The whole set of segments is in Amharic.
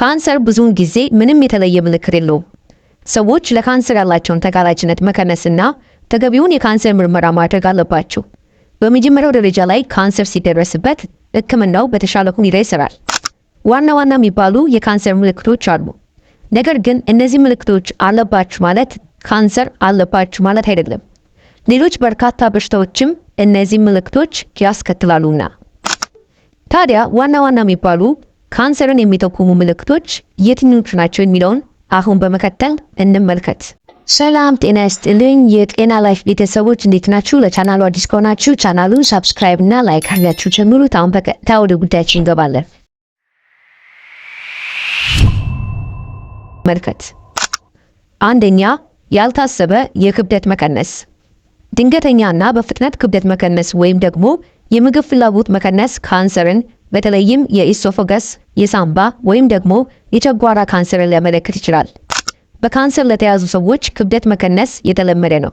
ካንሰር ብዙውን ጊዜ ምንም የተለየ ምልክት የለውም። ሰዎች ለካንሰር ያላቸውን ተጋላጭነት መቀነስና ተገቢውን የካንሰር ምርመራ ማድረግ አለባቸው። በመጀመሪያው ደረጃ ላይ ካንሰር ሲደረስበት ሕክምናው በተሻለ ሁኔታ ይሰራል። ዋና ዋና የሚባሉ የካንሰር ምልክቶች አሉ። ነገር ግን እነዚህ ምልክቶች አለባችሁ ማለት ካንሰር አለባችሁ ማለት አይደለም። ሌሎች በርካታ በሽታዎችም እነዚህ ምልክቶች ያስከትላሉና ታዲያ ዋና ዋና የሚባሉ ካንሰርን የሚጠቁሙ ምልክቶች የትኞቹ ናቸው የሚለውን አሁን በመከተል እንመልከት። ሰላም ጤና ይስጥልኝ የጤና ላይፍ ቤተሰቦች እንዴት ናችሁ? ለቻናሉ አዲስ ከሆናችሁ ቻናሉ ሳብስክራይብ እና ላይክ አርጋችሁ ጀምሩት። አሁን በቀጥታ ወደ ጉዳያችን እንገባለን። መልከት አንደኛ ያልታሰበ የክብደት መቀነስ ድንገተኛና በፍጥነት ክብደት መቀነስ ወይም ደግሞ የምግብ ፍላጎት መቀነስ ካንሰርን በተለይም የኢሶፎገስ የሳምባ ወይም ደግሞ የጨጓራ ካንሰርን ሊያመለክት ይችላል። በካንሰር ለተያዙ ሰዎች ክብደት መቀነስ የተለመደ ነው።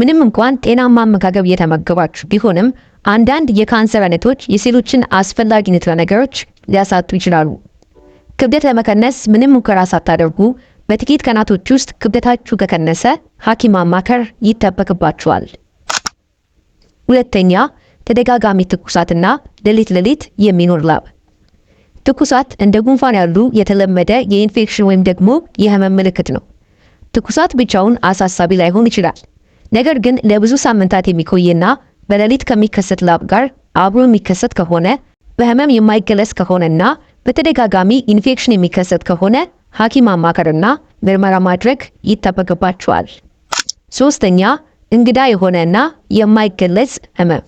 ምንም እንኳን ጤናማ አመጋገብ እየተመገባችሁ ቢሆንም አንዳንድ የካንሰር አይነቶች የሴሎችን አስፈላጊ ንጥረ ነገሮች ሊያሳቱ ይችላሉ። ክብደት ለመቀነስ ምንም ሙከራ ሳታደርጉ በጥቂት ቀናቶች ውስጥ ክብደታችሁ ከቀነሰ ሐኪም ማማከር ይጠበቅባችኋል። ሁለተኛ ተደጋጋሚ ትኩሳትና ሌሊት ሌሊት የሚኖር ላብ። ትኩሳት እንደ ጉንፋን ያሉ የተለመደ የኢንፌክሽን ወይም ደግሞ የህመም ምልክት ነው። ትኩሳት ብቻውን አሳሳቢ ላይሆን ይችላል። ነገር ግን ለብዙ ሳምንታት የሚቆይና በሌሊት ከሚከሰት ላብ ጋር አብሮ የሚከሰት ከሆነ በህመም የማይገለጽ ከሆነና በተደጋጋሚ ኢንፌክሽን የሚከሰት ከሆነ ሐኪም ማማከርና ምርመራ ማድረግ ይጠበቅባቸዋል። ሶስተኛ እንግዳ የሆነና የማይገለጽ ህመም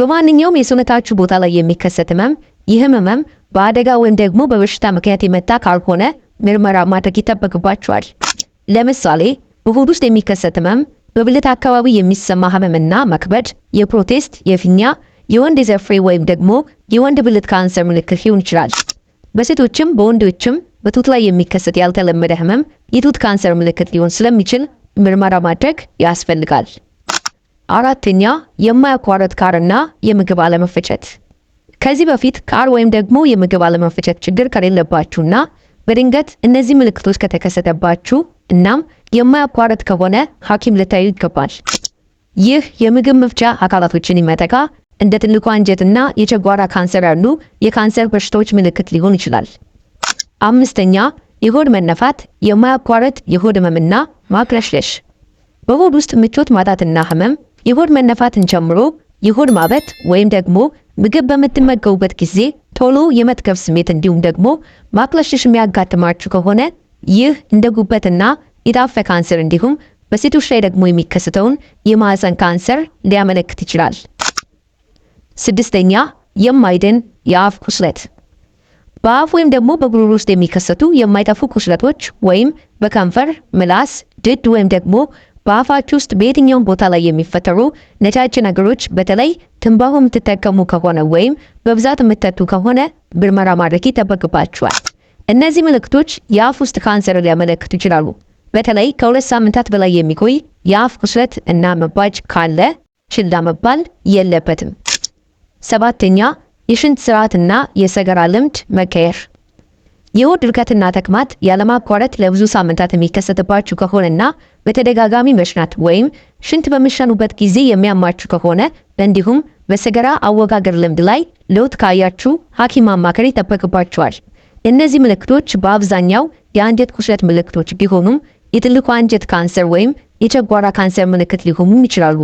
በማንኛውም የሰውነታችሁ ቦታ ላይ የሚከሰት ህመም ይህም ህመም በአደጋ ወይም ደግሞ በበሽታ ምክንያት የመጣ ካልሆነ ምርመራ ማድረግ ይጠበቅባችኋል። ለምሳሌ በሆድ ውስጥ የሚከሰት ህመም፣ በብልት አካባቢ የሚሰማ ህመምና መክበድ፣ የፕሮቴስት፣ የፊኛ፣ የወንድ የዘር ወይም ደግሞ የወንድ ብልት ካንሰር ምልክት ሊሆን ይችላል። በሴቶችም በወንዶችም በቱት ላይ የሚከሰት ያልተለመደ ህመም የቱት ካንሰር ምልክት ሊሆን ስለሚችል ምርመራ ማድረግ ያስፈልጋል። አራተኛ የማያቋረጥ ካርና የምግብ አለመፈጨት። ከዚህ በፊት ካር ወይም ደግሞ የምግብ አለመፈጨት ችግር ከሌለባችሁና በድንገት እነዚህ ምልክቶች ከተከሰተባችሁ እናም የማያቋረጥ ከሆነ ሐኪም ልታዩ ይገባል። ይህ የምግብ መፍጫ አካላቶችን ይመጠቃ እንደ ትልቋ አንጀትና የጨጓራ ካንሰር ያሉ የካንሰር በሽታዎች ምልክት ሊሆን ይችላል። አምስተኛ የሆድ መነፋት፣ የማያቋረጥ የሆድ ህመምና ማቅለሽለሽ፣ በሆድ ውስጥ ምቾት ማጣትና ህመም የሆድ መነፋትን ጨምሮ የሆድ ማበት ወይም ደግሞ ምግብ በምትመገቡበት ጊዜ ቶሎ የመትከፍ ስሜት እንዲሁም ደግሞ ማቅለሽለሽ የሚያጋጥማችሁ ከሆነ ይህ እንደ ጉበትና የጣፈ ካንሰር እንዲሁም በሴቶች ላይ ደግሞ የሚከሰተውን የማህፀን ካንሰር ሊያመለክት ይችላል። ስድስተኛ የማይድን የአፍ ቁስለት በአፍ ወይም ደግሞ በጉሮሮ ውስጥ የሚከሰቱ የማይጠፉ ቁስለቶች ወይም በከንፈር፣ ምላስ፣ ድድ ወይም ደግሞ በአፋች ውስጥ በየትኛውም ቦታ ላይ የሚፈጠሩ ነጫጭ ነገሮች በተለይ ትንባሆ የምትጠቀሙ ከሆነ ወይም በብዛት የምትጠጡ ከሆነ ምርመራ ማድረግ ይጠበቅባችኋል። እነዚህ ምልክቶች የአፍ ውስጥ ካንሰር ሊያመለክቱ ይችላሉ። በተለይ ከሁለት ሳምንታት በላይ የሚቆይ የአፍ ቁስለት እና መባጭ ካለ ችላ መባል የለበትም። ሰባተኛ የሽንት ስርዓትና የሰገራ ልምድ መቀየር የሆድ ድርቀትና ተቅማጥ ያለማቋረጥ ለብዙ ሳምንታት የሚከሰትባችሁ ከሆነና በተደጋጋሚ መሽናት ወይም ሽንት በሚሸኑበት ጊዜ የሚያማችሁ ከሆነ እንዲሁም በሰገራ አወጋገር ልምድ ላይ ለውጥ ካያችሁ ሐኪም ማማከር ይጠበቅባችኋል። እነዚህ ምልክቶች በአብዛኛው የአንጀት ቁስለት ምልክቶች ቢሆኑም የትልቁ አንጀት ካንሰር ወይም የጨጓራ ካንሰር ምልክት ሊሆኑም ይችላሉ።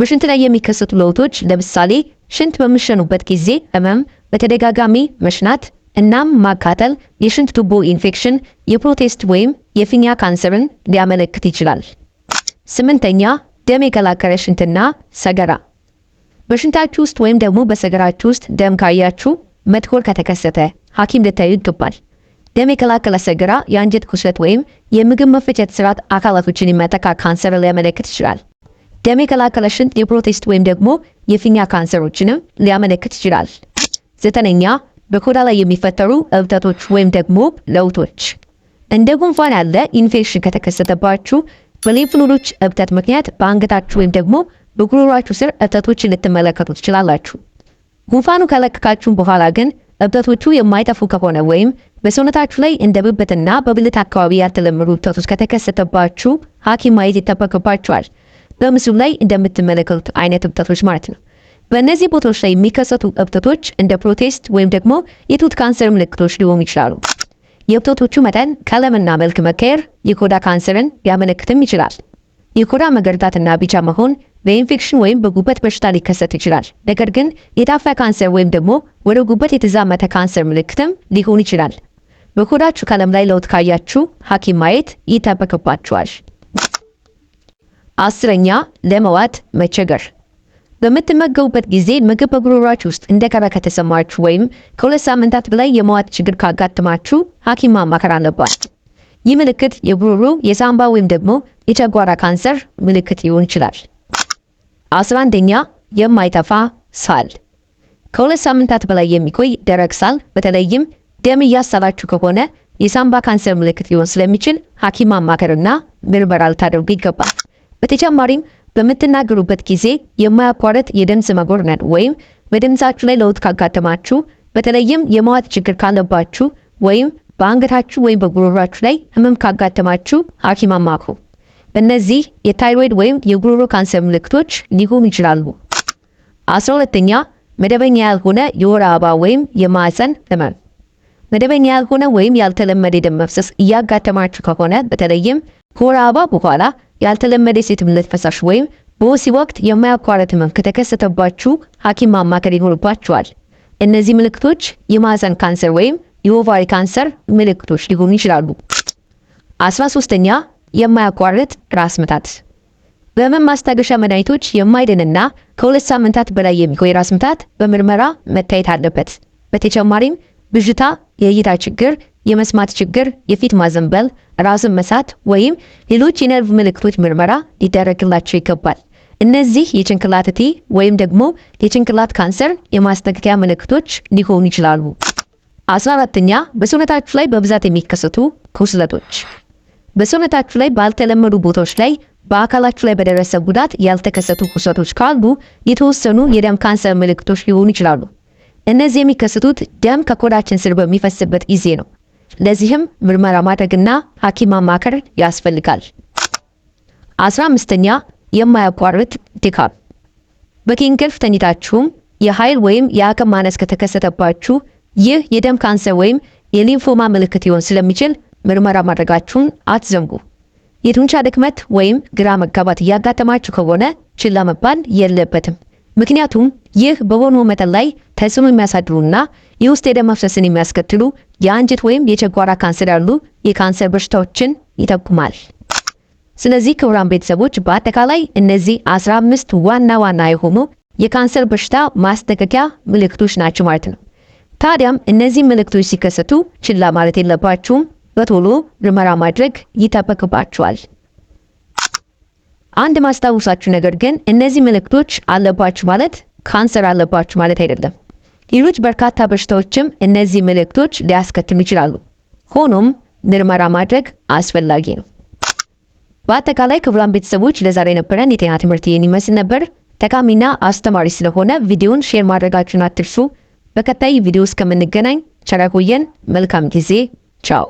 በሽንት ላይ የሚከሰቱ ለውጦች ለምሳሌ ሽንት በሚሸኑበት ጊዜ ህመም፣ በተደጋጋሚ መሽናት እናም ማቃጠል የሽንት ቱቦ ኢንፌክሽን፣ የፕሮቴስት ወይም የፊኛ ካንሰርን ሊያመለክት ይችላል። ስምንተኛ ደም የቀላቀለ ሽንትና ሰገራ። በሽንታችሁ ውስጥ ወይም ደግሞ በሰገራችሁ ውስጥ ደም ካያችሁ መትኮር ከተከሰተ ሐኪም ልታዩ ይገባል። ደም የቀላቀለ ሰገራ የአንጀት ቁስለት ወይም የምግብ መፈጨት ስርዓት አካላቶችን የሚያጠቃ ካንሰር ሊያመለክት ይችላል። ደም የቀላቀለ ሽንት የፕሮቴስት ወይም ደግሞ የፊኛ ካንሰሮችንም ሊያመለክት ይችላል። ዘጠነኛ በቆዳ ላይ የሚፈጠሩ እብጠቶች ወይም ደግሞ ለውጦች እንደ ጉንፋን ያለ ኢንፌክሽን ከተከሰተባችሁ በሌፍ እብጠት ምክንያት በአንገታችሁ ወይም ደግሞ በጉሮሯችሁ ስር እብጠቶች ልትመለከቱ ትችላላችሁ። ጉንፋኑ ከለቀቃችሁን በኋላ ግን እብጠቶቹ የማይጠፉ ከሆነ ወይም በሰውነታችሁ ላይ እንደ ብብትና በብልት አካባቢ ያልተለመዱ እብጠቶች ከተከሰተባችሁ ሐኪም ማየት ይጠበቅባችኋል። በምስሉ ላይ እንደምትመለከቱት አይነት እብጠቶች ማለት ነው። በእነዚህ ቦታዎች ላይ የሚከሰቱ እብጠቶች እንደ ፕሮቴስት ወይም ደግሞ የጡት ካንሰር ምልክቶች ሊሆኑ ይችላሉ። የእብጠቶቹ መጠን ቀለምና መልክ መቀየር የቆዳ ካንሰርን ሊያመለክትም ይችላል። የቆዳ መገርጣትና ቢጫ መሆን በኢንፌክሽን ወይም በጉበት በሽታ ሊከሰት ይችላል። ነገር ግን የጣፋ ካንሰር ወይም ደግሞ ወደ ጉበት የተዛመተ ካንሰር ምልክትም ሊሆን ይችላል። በቆዳችሁ ቀለም ላይ ለውጥ ካያችሁ ሐኪም ማየት ይጠበቅባችኋል። አስረኛ ለመዋጥ መቸገር በምትመገቡበት ጊዜ ምግብ በጉሮሯችሁ ውስጥ እንደቀረ ከተሰማችሁ ወይም ከሁለት ሳምንታት በላይ የመዋጥ ችግር ካጋጥማችሁ ሐኪም ማማከር አለባችሁ። ይህ ምልክት የጉሮሮ፣ የሳምባ ወይም ደግሞ የጨጓራ ካንሰር ምልክት ሊሆን ይችላል። አስራ አንደኛ የማይተፋ ሳል። ከሁለት ሳምንታት በላይ የሚቆይ ደረቅ ሳል በተለይም ደም እያሳላችሁ ከሆነ የሳምባ ካንሰር ምልክት ሊሆን ስለሚችል ሐኪም ማማከርና ምርመራ ልታደርጉ ይገባል። በተጨማሪም በምትናገሩበት ጊዜ የማያቋረጥ የድምፅ መጎርነት ወይም በድምፃችሁ ላይ ለውጥ ካጋጠማችሁ፣ በተለይም የማዋት ችግር ካለባችሁ ወይም በአንገታችሁ ወይም በጉሮሯችሁ ላይ ህመም ካጋጠማችሁ ሐኪም አማክሩ። በእነዚህ የታይሮይድ ወይም የጉሮሮ ካንሰር ምልክቶች ሊሆኑ ይችላሉ። አስራ ሁለተኛ መደበኛ ያልሆነ የወር አበባ ወይም የማህፀን ህመም። መደበኛ ያልሆነ ወይም ያልተለመደ የደም መፍሰስ እያጋጠማችሁ ከሆነ በተለይም ከወር አበባ በኋላ ያልተለመደ የሴት ፈሳሽ ወይም በወሲ ወቅት የማያቋረጥ ህመም ከተከሰተባችሁ ሐኪም ማማከር ይኖርባችኋል። እነዚህ ምልክቶች የማህፀን ካንሰር ወይም የኦቫሪ ካንሰር ምልክቶች ሊሆኑ ይችላሉ። አስራ ሶስተኛ የማያቋርጥ ራስ ምታት በህመም ማስታገሻ መድኃኒቶች የማይድንና ከሁለት ሳምንታት በላይ የሚቆይ ራስ ምታት በምርመራ መታየት አለበት። በተጨማሪም ብዥታ፣ የእይታ ችግር፣ የመስማት ችግር፣ የፊት ማዘንበል፣ ራስን መሳት ወይም ሌሎች የነርቭ ምልክቶች ምርመራ ሊደረግላቸው ይገባል። እነዚህ የጭንቅላት እጢ ወይም ደግሞ የጭንቅላት ካንሰር የማስጠንቀቂያ ምልክቶች ሊሆኑ ይችላሉ። አስራ አራተኛ በሰውነታችሁ ላይ በብዛት የሚከሰቱ ቁስለቶች። በሰውነታችሁ ላይ ባልተለመዱ ቦታዎች ላይ በአካላችሁ ላይ በደረሰ ጉዳት ያልተከሰቱ ቁስለቶች ካሉ የተወሰኑ የደም ካንሰር ምልክቶች ሊሆኑ ይችላሉ። እነዚህ የሚከሰቱት ደም ከቆዳችን ስር በሚፈስበት ጊዜ ነው። ለዚህም ምርመራ ማድረግና ሐኪም ማማከር ያስፈልጋል። አስራ አምስተኛ የማያቋርጥ ድካም በእንቅልፍ ተኝታችሁም የኃይል ወይም የአቅም ማነስ ከተከሰተባችሁ ይህ የደም ካንሰር ወይም የሊምፎማ ምልክት ሊሆን ስለሚችል ምርመራ ማድረጋችሁን አትዘንጉ። የጡንቻ ድክመት ወይም ግራ መጋባት እያጋጠማችሁ ከሆነ ችላ መባል የለበትም። ምክንያቱም ይህ በቦርኖ መጠን ላይ ተጽዕኖ የሚያሳድሩና የውስጥ የደም መፍሰስን የሚያስከትሉ የአንጀት ወይም የጨጓራ ካንሰር ያሉ የካንሰር በሽታዎችን ይጠቁማል። ስለዚህ ክቡራን ቤተሰቦች በአጠቃላይ እነዚህ 15 ዋና ዋና የሆኑ የካንሰር በሽታ ማስጠንቀቂያ ምልክቶች ናቸው ማለት ነው። ታዲያም እነዚህ ምልክቶች ሲከሰቱ ችላ ማለት የለባችሁም። በቶሎ ምርመራ ማድረግ ይጠበቅባችኋል። አንድ ማስታውሳችሁ ነገር ግን እነዚህ ምልክቶች አለባችሁ ማለት ካንሰር አለባችሁ ማለት አይደለም። ሌሎች በርካታ በሽታዎችም እነዚህ ምልክቶች ሊያስከትሉ ይችላሉ። ሆኖም ምርመራ ማድረግ አስፈላጊ ነው። በአጠቃላይ ክቡራን ቤተሰቦች ለዛሬ የነበረን የጤና ትምህርት ይህን ይመስል ነበር። ጠቃሚና አስተማሪ ስለሆነ ቪዲዮን ሼር ማድረጋችሁን አትርሱ። በቀጣይ ቪዲዮ እስከምንገናኝ ቸር ቆዩን። መልካም ጊዜ። ቻው